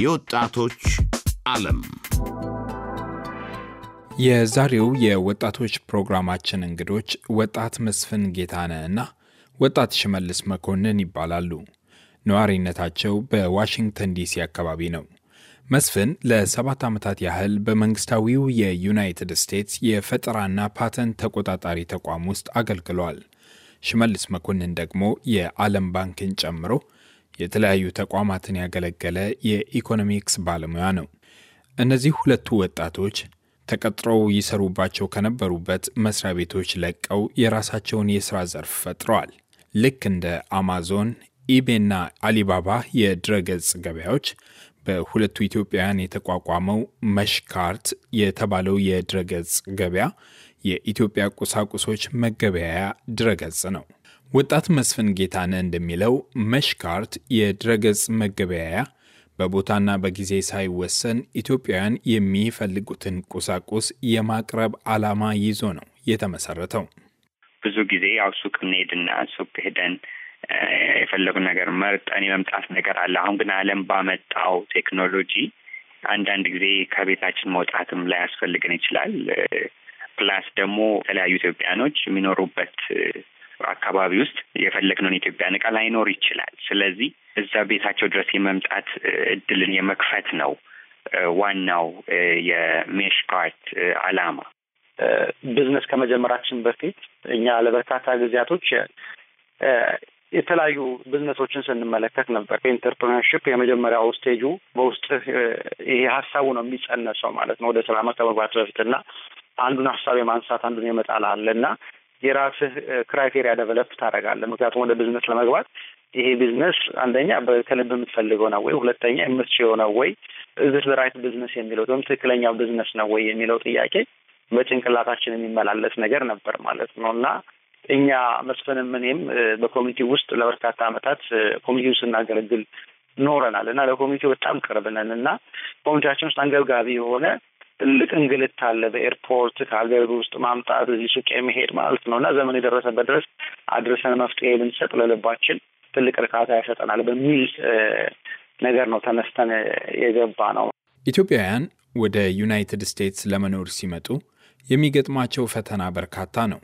የወጣቶች ዓለም የዛሬው የወጣቶች ፕሮግራማችን እንግዶች ወጣት መስፍን እና ወጣት ሽመልስ መኮንን ይባላሉ። ነዋሪነታቸው በዋሽንግተን ዲሲ አካባቢ ነው። መስፍን ለሰባት ዓመታት ያህል በመንግስታዊው የዩናይትድ ስቴትስ የፈጠራና ፓተንት ተቆጣጣሪ ተቋም ውስጥ አገልግሏል። ሽመልስ መኮንን ደግሞ የዓለም ባንክን ጨምሮ የተለያዩ ተቋማትን ያገለገለ የኢኮኖሚክስ ባለሙያ ነው። እነዚህ ሁለቱ ወጣቶች ተቀጥረው ይሰሩባቸው ከነበሩበት መስሪያ ቤቶች ለቀው የራሳቸውን የስራ ዘርፍ ፈጥረዋል። ልክ እንደ አማዞን፣ ኢቤና አሊባባ የድረገጽ ገበያዎች በሁለቱ ኢትዮጵያውያን የተቋቋመው መሽካርት የተባለው የድረገጽ ገበያ የኢትዮጵያ ቁሳቁሶች መገበያያ ድረገጽ ነው። ወጣት መስፍን ጌታነ እንደሚለው መሽካርት የድረገጽ መገበያያ በቦታና በጊዜ ሳይወሰን ኢትዮጵያውያን የሚፈልጉትን ቁሳቁስ የማቅረብ ዓላማ ይዞ ነው የተመሰረተው። ብዙ ጊዜ ያው ሱቅ እንሄድና ሱቅ ሄደን የፈለጉን ነገር መርጠን የመምጣት ነገር አለ። አሁን ግን ዓለም ባመጣው ቴክኖሎጂ አንዳንድ ጊዜ ከቤታችን መውጣትም ላያስፈልገን ይችላል። ፕላስ ደግሞ የተለያዩ ኢትዮጵያኖች የሚኖሩበት አካባቢ ውስጥ የፈለግነውን የኢትዮጵያን እቃ ላይኖር ይችላል። ስለዚህ እዛ ቤታቸው ድረስ የመምጣት እድልን የመክፈት ነው ዋናው የሜሽ ካርት ዓላማ። ቢዝነስ ከመጀመራችን በፊት እኛ ለበርካታ ጊዜያቶች የተለያዩ ቢዝነሶችን ስንመለከት ነበር። ኢንተርፕርነርሽፕ የመጀመሪያው ስቴጁ በውስጥ ይሄ ሀሳቡ ነው የሚጸነሰው ማለት ነው ወደ ስራ መቀበባት በፊት እና አንዱን ሀሳብ የማንሳት አንዱን የመጣል አለ እና የራስህ ክራይቴሪያ ደቨለፕ ታደርጋለህ። ምክንያቱም ወደ ቢዝነስ ለመግባት ይሄ ቢዝነስ አንደኛ ከልብ የምትፈልገው ነው ወይ፣ ሁለተኛ የምትችለው ነው ወይ፣ እዚህ ራይት ቢዝነስ የሚለው ወይም ትክክለኛው ቢዝነስ ነው ወይ የሚለው ጥያቄ በጭንቅላታችን የሚመላለስ ነገር ነበር ማለት ነው እና እኛ መስፍንም እኔም በኮሚኒቲ ውስጥ ለበርካታ ዓመታት ኮሚኒቲ ስናገለግል ኖረናል እና ለኮሚኒቲ በጣም ቅርብ ነን እና ኮሚኒቲያችን ውስጥ አንገብጋቢ የሆነ ትልቅ እንግልት አለ። በኤርፖርት ከሀገር ውስጥ ማምጣት እዚህ ሱቅ የመሄድ ማለት ነው እና ዘመን የደረሰበት ድረስ አድርሰን መፍትሄ ብንሰጥ ለልባችን ትልቅ እርካታ ያሰጠናል በሚል ነገር ነው ተነስተን የገባ ነው። ኢትዮጵያውያን ወደ ዩናይትድ ስቴትስ ለመኖር ሲመጡ የሚገጥማቸው ፈተና በርካታ ነው።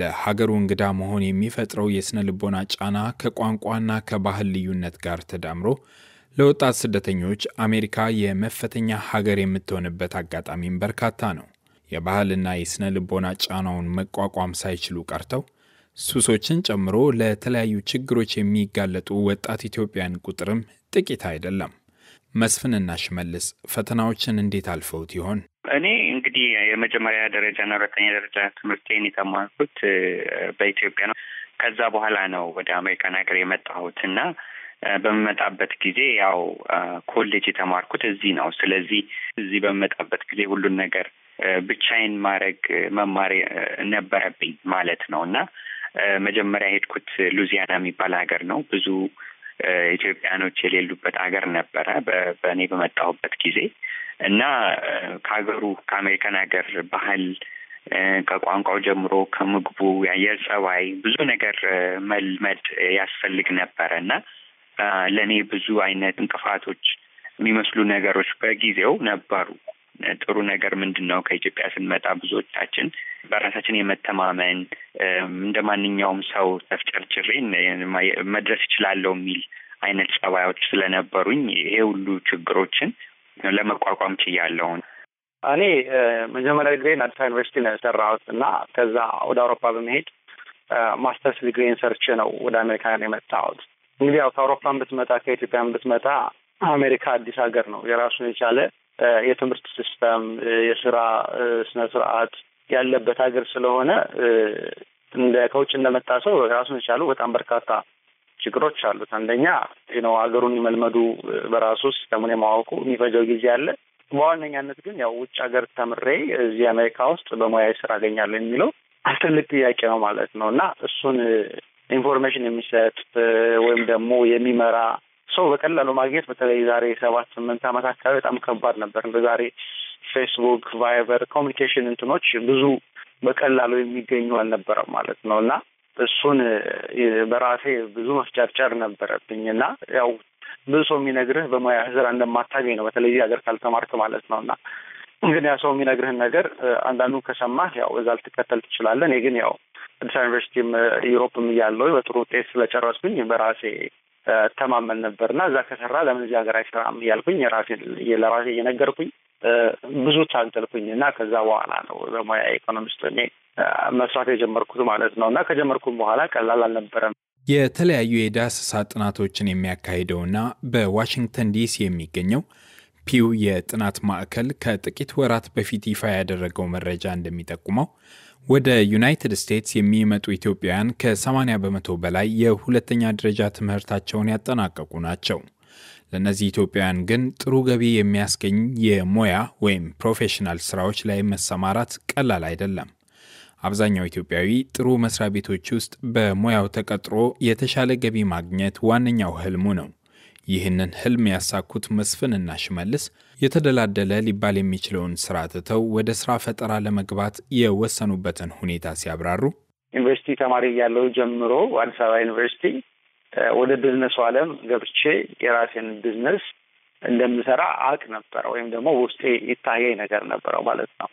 ለሀገሩ እንግዳ መሆን የሚፈጥረው የሥነ ልቦና ጫና ከቋንቋና ከባህል ልዩነት ጋር ተዳምሮ ለወጣት ስደተኞች አሜሪካ የመፈተኛ ሀገር የምትሆንበት አጋጣሚም በርካታ ነው። የባህልና የሥነ ልቦና ጫናውን መቋቋም ሳይችሉ ቀርተው ሱሶችን ጨምሮ ለተለያዩ ችግሮች የሚጋለጡ ወጣት ኢትዮጵያን ቁጥርም ጥቂት አይደለም። መስፍንና ሽመልስ ፈተናዎችን እንዴት አልፈውት ይሆን? እኔ እንግዲህ የመጀመሪያ ደረጃና ሁለተኛ ደረጃ ትምህርቴን የተማርኩት በኢትዮጵያ ነው። ከዛ በኋላ ነው ወደ አሜሪካን ሀገር የመጣሁት እና በምመጣበት ጊዜ ያው ኮሌጅ የተማርኩት እዚህ ነው። ስለዚህ እዚህ በምመጣበት ጊዜ ሁሉን ነገር ብቻዬን ማድረግ መማር ነበረብኝ ማለት ነው እና መጀመሪያ የሄድኩት ሉዚያና የሚባል ሀገር ነው። ብዙ ኢትዮጵያኖች የሌሉበት ሀገር ነበረ በእኔ በመጣሁበት ጊዜ እና ከሀገሩ ከአሜሪካን ሀገር ባህል ከቋንቋው ጀምሮ ከምግቡ፣ የአየር ጸባይ ብዙ ነገር መልመድ ያስፈልግ ነበረ እና ለእኔ ብዙ አይነት እንቅፋቶች የሚመስሉ ነገሮች በጊዜው ነበሩ። ጥሩ ነገር ምንድን ነው? ከኢትዮጵያ ስንመጣ ብዙዎቻችን በራሳችን የመተማመን እንደ ማንኛውም ሰው ተፍጨርጭሬ መድረስ እችላለሁ የሚል አይነት ጸባዮች ስለነበሩኝ ይሄ ሁሉ ችግሮችን ለመቋቋም ችያለሁን። እኔ መጀመሪያ ዲግሬን አዲስ ዩኒቨርሲቲ ነው የሰራሁት እና ከዛ ወደ አውሮፓ በመሄድ ማስተርስ ዲግሬን ሰርቼ ነው ወደ አሜሪካን የመጣሁት። እንግዲህ ያው ከአውሮፓን ብትመጣ ከኢትዮጵያን ብትመጣ አሜሪካ አዲስ ሀገር ነው። የራሱን የቻለ የትምህርት ሲስተም፣ የስራ ስነ ስርዓት ያለበት ሀገር ስለሆነ እንደ ከውጭ እንደመጣ ሰው የራሱን የቻሉ በጣም በርካታ ችግሮች አሉት። አንደኛ ነው ሀገሩን የመልመዱ በራሱ ሲስተሙን የማወቁ የሚፈጀው ጊዜ አለ። በዋነኛነት ግን ያው ውጭ ሀገር ተምሬ እዚህ አሜሪካ ውስጥ በሙያዊ ስራ አገኛለሁ የሚለው ትልቅ ጥያቄ ነው ማለት ነው እና እሱን ኢንፎርሜሽን የሚሰጥ ወይም ደግሞ የሚመራ ሰው በቀላሉ ማግኘት በተለይ ዛሬ ሰባት ስምንት ዓመት አካባቢ በጣም ከባድ ነበር። እንደ ዛሬ ፌስቡክ፣ ቫይበር ኮሚኒኬሽን እንትኖች ብዙ በቀላሉ የሚገኙ አልነበረም ማለት ነው እና እሱን በራሴ ብዙ መፍጨርጨር ነበረብኝ እና ያው ብዙ ሰው የሚነግርህ በሙያ ስራ እንደማታገኝ ነው። በተለይ ሀገር ካልተማርክ ማለት ነው እና ግን ያ ሰው የሚነግርህን ነገር አንዳንዱ ከሰማህ ያው እዛ ልትከተል ትችላለን። ግን ያው አዲስ አበባ ዩኒቨርሲቲም ዩሮፕም እያለው በጥሩ ውጤት ስለጨረስኩኝ በራሴ ተማመን ነበር እና እዛ ከሰራ ለምን እዚህ ሀገር አይሰራም እያልኩኝ ራሴ ለራሴ እየነገርኩኝ ብዙ ታገልኩኝ እና ከዛ በኋላ ነው በሙያ ኢኮኖሚስት ሆኜ መስራት የጀመርኩት ማለት ነው። እና ከጀመርኩም በኋላ ቀላል አልነበረም። የተለያዩ የዳሰሳ ጥናቶችን የሚያካሂደውና በዋሽንግተን ዲሲ የሚገኘው ፒው የጥናት ማዕከል ከጥቂት ወራት በፊት ይፋ ያደረገው መረጃ እንደሚጠቁመው ወደ ዩናይትድ ስቴትስ የሚመጡ ኢትዮጵያውያን ከ80 በመቶ በላይ የሁለተኛ ደረጃ ትምህርታቸውን ያጠናቀቁ ናቸው። ለእነዚህ ኢትዮጵያውያን ግን ጥሩ ገቢ የሚያስገኝ የሙያ ወይም ፕሮፌሽናል ስራዎች ላይ መሰማራት ቀላል አይደለም። አብዛኛው ኢትዮጵያዊ ጥሩ መስሪያ ቤቶች ውስጥ በሙያው ተቀጥሮ የተሻለ ገቢ ማግኘት ዋነኛው ህልሙ ነው። ይህንን ህልም ያሳኩት መስፍንና ሽመልስ የተደላደለ ሊባል የሚችለውን ስራ ትተው ወደ ስራ ፈጠራ ለመግባት የወሰኑበትን ሁኔታ ሲያብራሩ ዩኒቨርሲቲ ተማሪ እያለሁ ጀምሮ አዲስ አበባ ዩኒቨርሲቲ ወደ ቢዝነሱ አለም ገብቼ የራሴን ቢዝነስ እንደምሰራ አቅ ነበረ ወይም ደግሞ ውስጤ ይታየኝ ነገር ነበረው ማለት ነው።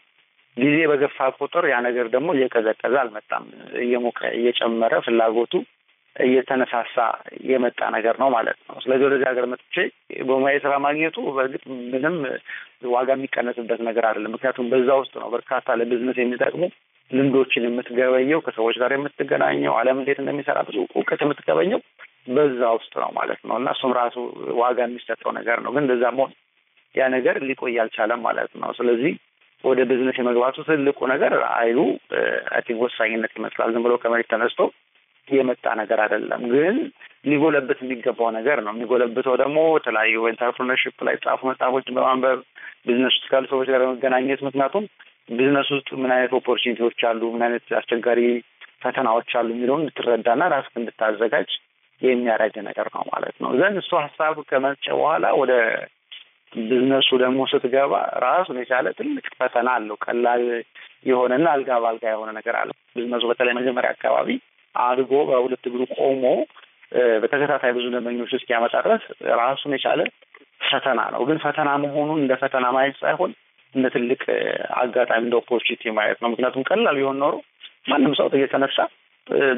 ጊዜ በገፋ ቁጥር ያ ነገር ደግሞ እየቀዘቀዘ አልመጣም። እየሞቀ እየጨመረ ፍላጎቱ እየተነሳሳ የመጣ ነገር ነው ማለት ነው። ስለዚህ ወደዚህ ሀገር መጥቼ በሙያ ስራ ማግኘቱ በእርግጥ ምንም ዋጋ የሚቀነስበት ነገር አይደለም። ምክንያቱም በዛ ውስጥ ነው በርካታ ለቢዝነስ የሚጠቅሙ ልምዶችን የምትገበኘው፣ ከሰዎች ጋር የምትገናኘው፣ ዓለም እንዴት እንደሚሰራ ብዙ እውቀት የምትገበኘው በዛ ውስጥ ነው ማለት ነው እና እሱም ራሱ ዋጋ የሚሰጠው ነገር ነው። ግን እንደዛ መሆን ያ ነገር ሊቆይ አልቻለም ማለት ነው። ስለዚህ ወደ ቢዝነስ የመግባቱ ትልቁ ነገር አይሉ አይ ቲንክ ወሳኝነት ይመስላል። ዝም ብሎ ከመሬት ተነስቶ የመጣ ነገር አይደለም ግን ሊጎለበት የሚገባው ነገር ነው። የሚጎለብተው ደግሞ የተለያዩ ኢንተርፕርነርሽፕ ላይ ጻፉ መጽሐፎችን በማንበብ ቢዝነስ ውስጥ ካሉ ሰዎች ጋር በመገናኘት ምክንያቱም ቢዝነስ ውስጥ ምን አይነት ኦፖርቹኒቲዎች አሉ፣ ምን አይነት አስቸጋሪ ፈተናዎች አሉ የሚለውን እንድትረዳና ራስ እንድታዘጋጅ የሚያደርግ ነገር ነው ማለት ነው። ዘን እሱ ሀሳብ ከመጨ በኋላ ወደ ቢዝነሱ ደግሞ ስትገባ ራሱን የቻለ ትልቅ ፈተና አለው። ቀላል የሆነና አልጋ ባልጋ የሆነ ነገር አለ። ቢዝነሱ በተለይ መጀመሪያ አካባቢ አድጎ በሁለት እግሩ ቆሞ በተከታታይ ብዙ ደንበኞች እስኪያመጣ ድረስ ራሱን የቻለ ፈተና ነው። ግን ፈተና መሆኑን እንደ ፈተና ማየት ሳይሆን እንደ ትልቅ አጋጣሚ እንደ ኦፖርቹኒቲ ማየት ነው። ምክንያቱም ቀላል ቢሆን ኖሮ ማንም ሰው እየተነሳ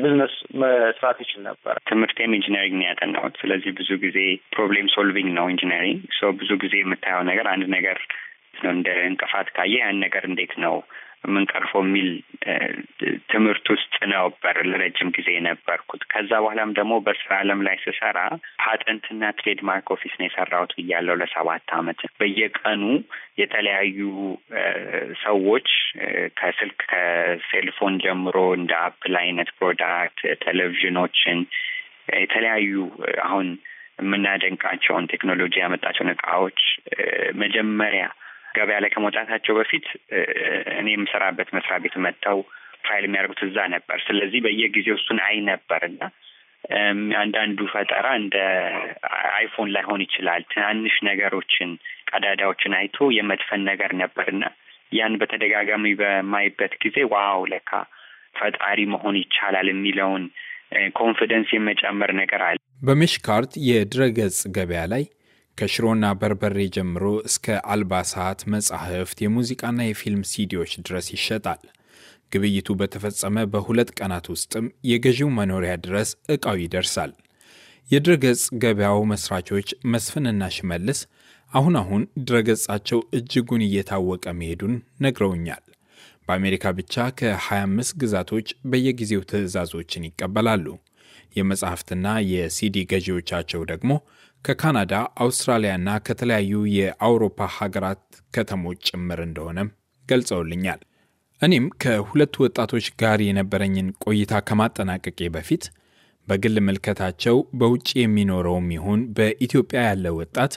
ብዝነስ መስራት ይችል ነበር። ትምህርቴም ኢንጂነሪንግ ነው ያጠናሁት። ስለዚህ ብዙ ጊዜ ፕሮብሌም ሶልቪንግ ነው ኢንጂነሪንግ። ብዙ ጊዜ የምታየው ነገር አንድ ነገር ነው እንደ እንቅፋት ካየ ያን ነገር እንዴት ነው የምንቀርፈው የሚል ትምህርት ውስጥ ነበር ለረጅም ጊዜ የነበርኩት። ከዛ በኋላም ደግሞ በስራ አለም ላይ ስሰራ ፓተንትና ትሬድማርክ ኦፊስ ነው የሰራሁት ብያለሁ። ለሰባት አመት በየቀኑ የተለያዩ ሰዎች ከስልክ ከሴልፎን ጀምሮ እንደ አፕል አይነት ፕሮዳክት፣ ቴሌቪዥኖችን፣ የተለያዩ አሁን የምናደንቃቸውን ቴክኖሎጂ ያመጣቸውን እቃዎች መጀመሪያ ገበያ ላይ ከመውጣታቸው በፊት እኔ የምሰራበት መስሪያ ቤት መጥተው ፋይል የሚያደርጉት እዛ ነበር። ስለዚህ በየጊዜው እሱን አይ ነበር እና አንዳንዱ ፈጠራ እንደ አይፎን ላይሆን ይችላል። ትናንሽ ነገሮችን ቀዳዳዎችን አይቶ የመድፈን ነገር ነበርና ያን በተደጋጋሚ በማይበት ጊዜ ዋው ለካ ፈጣሪ መሆን ይቻላል የሚለውን ኮንፊደንስ የመጨመር ነገር አለ። በሜሽካርት የድረገጽ ገበያ ላይ ከሽሮና በርበሬ ጀምሮ እስከ አልባሳት፣ መጻሕፍት፣ የሙዚቃና የፊልም ሲዲዎች ድረስ ይሸጣል። ግብይቱ በተፈጸመ በሁለት ቀናት ውስጥም የገዢው መኖሪያ ድረስ ዕቃው ይደርሳል። የድረገጽ ገበያው መስራቾች መስፍንና ሽመልስ አሁን አሁን ድረገጻቸው እጅጉን እየታወቀ መሄዱን ነግረውኛል። በአሜሪካ ብቻ ከ25 ግዛቶች በየጊዜው ትዕዛዞችን ይቀበላሉ። የመጽሕፍትና የሲዲ ገዢዎቻቸው ደግሞ ከካናዳ፣ አውስትራሊያና ከተለያዩ የአውሮፓ ሀገራት ከተሞች ጭምር እንደሆነም ገልጸውልኛል። እኔም ከሁለቱ ወጣቶች ጋር የነበረኝን ቆይታ ከማጠናቀቄ በፊት በግል ምልከታቸው በውጭ የሚኖረውም ይሁን በኢትዮጵያ ያለ ወጣት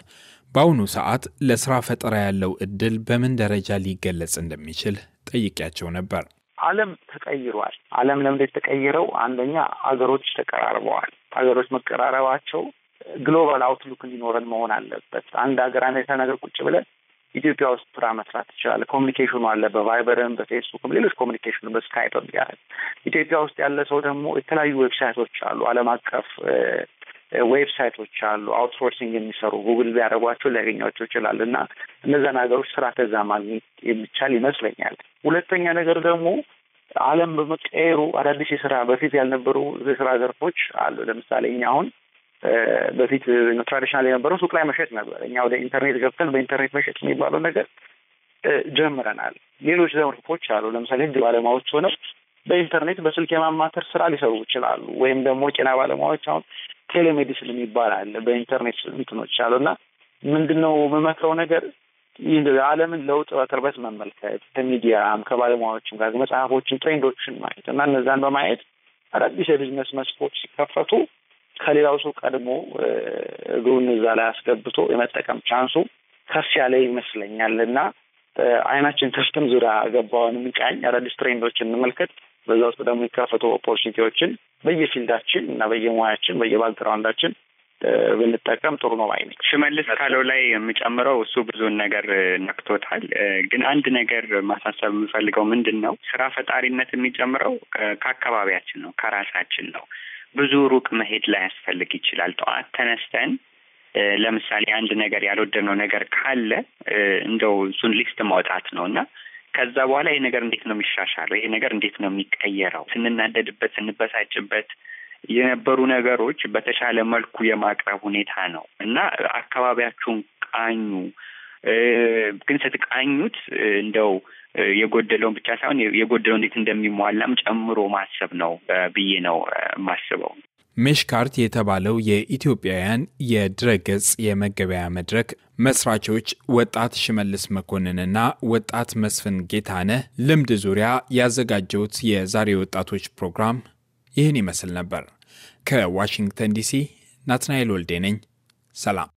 በአሁኑ ሰዓት ለስራ ፈጠራ ያለው እድል በምን ደረጃ ሊገለጽ እንደሚችል ጠይቄያቸው ነበር። ዓለም ተቀይሯል። ዓለም ለምንድን ተቀይረው? አንደኛ አገሮች ተቀራርበዋል። አገሮች መቀራረባቸው ግሎባል አውትሉክ እንዲኖረን መሆን አለበት። አንድ ሀገር አሜሪካ ነገር ቁጭ ብለን ኢትዮጵያ ውስጥ ስራ መስራት ይችላል። ኮሚኒኬሽኑ አለ፣ በቫይበርም፣ በፌስቡክም፣ ሌሎች ኮሚኒኬሽኑ በስካይፕ ያለ ኢትዮጵያ ውስጥ ያለ ሰው ደግሞ የተለያዩ ዌብሳይቶች አሉ፣ ዓለም አቀፍ ዌብሳይቶች አሉ፣ አውትሶርሲንግ የሚሰሩ ጉግል ቢያደረጓቸው ሊያገኛቸው ይችላል። እና እነዛን ሀገሮች ስራ ከዛ ማግኘት የሚቻል ይመስለኛል። ሁለተኛ ነገር ደግሞ ዓለም በመቀየሩ አዳዲስ የስራ በፊት ያልነበሩ የስራ ዘርፎች አሉ። ለምሳሌ እኛ አሁን በፊት ትራዲሽናል የነበረው ሱቅ ላይ መሸጥ ነበር። እኛ ወደ ኢንተርኔት ገብተን በኢንተርኔት መሸጥ የሚባለው ነገር ጀምረናል። ሌሎች ዘርፎች አሉ። ለምሳሌ ህግ ባለሙያዎች ሆነው በኢንተርኔት በስልክ የማማተር ስራ ሊሰሩ ይችላሉ። ወይም ደግሞ ጤና ባለሙያዎች አሁን ቴሌሜዲስን የሚባል አለ። በኢንተርኔት እንትኖች አሉ እና ምንድን ነው የምመክረው ነገር ዓለምን ለውጥ በቅርበት መመልከት ከሚዲያም ከባለሙያዎችም ጋር መጽሐፎችን፣ ትሬንዶችን ማየት እና እነዛን በማየት አዳዲስ የቢዝነስ መስኮች ሲከፈቱ ከሌላው ሰው ቀድሞ እግሩን እዛ ላይ አስገብቶ የመጠቀም ቻንሱ ከፍ ያለ ይመስለኛል እና አይናችን ከፍተን ዙሪያ ገባውን እንቃኝ፣ አዳዲስ ትሬንዶችን እንመልከት። በዛ ውስጥ ደግሞ የሚከፈቱ ኦፖርቹኒቲዎችን በየፊልዳችን እና በየሙያችን በየባክግራውንዳችን ብንጠቀም ጥሩ ነው ባይነኝ። ሽመልስ ካለው ላይ የምጨምረው እሱ ብዙን ነገር ነክቶታል፣ ግን አንድ ነገር ማሳሰብ የምፈልገው ምንድን ነው፣ ስራ ፈጣሪነት የሚጨምረው ከአካባቢያችን ነው፣ ከራሳችን ነው። ብዙ ሩቅ መሄድ ላያስፈልግ ይችላል። ጠዋት ተነስተን ለምሳሌ አንድ ነገር ያልወደድነው ነገር ካለ እንደው እሱን ሊስት ማውጣት ነው እና ከዛ በኋላ ይሄ ነገር እንዴት ነው የሚሻሻለው? ይሄ ነገር እንዴት ነው የሚቀየረው? ስንናደድበት፣ ስንበሳጭበት የነበሩ ነገሮች በተሻለ መልኩ የማቅረብ ሁኔታ ነው እና አካባቢያችሁን ቃኙ። ግን ስትቃኙት እንደው የጎደለውን ብቻ ሳይሆን የጎደለው እንዴት እንደሚሟላም ጨምሮ ማሰብ ነው ብዬ ነው የማስበው። ሜሽካርት የተባለው የኢትዮጵያውያን የድረገጽ የመገበያያ መድረክ መስራቾች ወጣት ሽመልስ መኮንንና ወጣት መስፍን ጌታነህ ልምድ ዙሪያ ያዘጋጀውት የዛሬ ወጣቶች ፕሮግራም ይህን ይመስል ነበር። ከዋሽንግተን ዲሲ ናትናኤል ወልዴ ነኝ። ሰላም።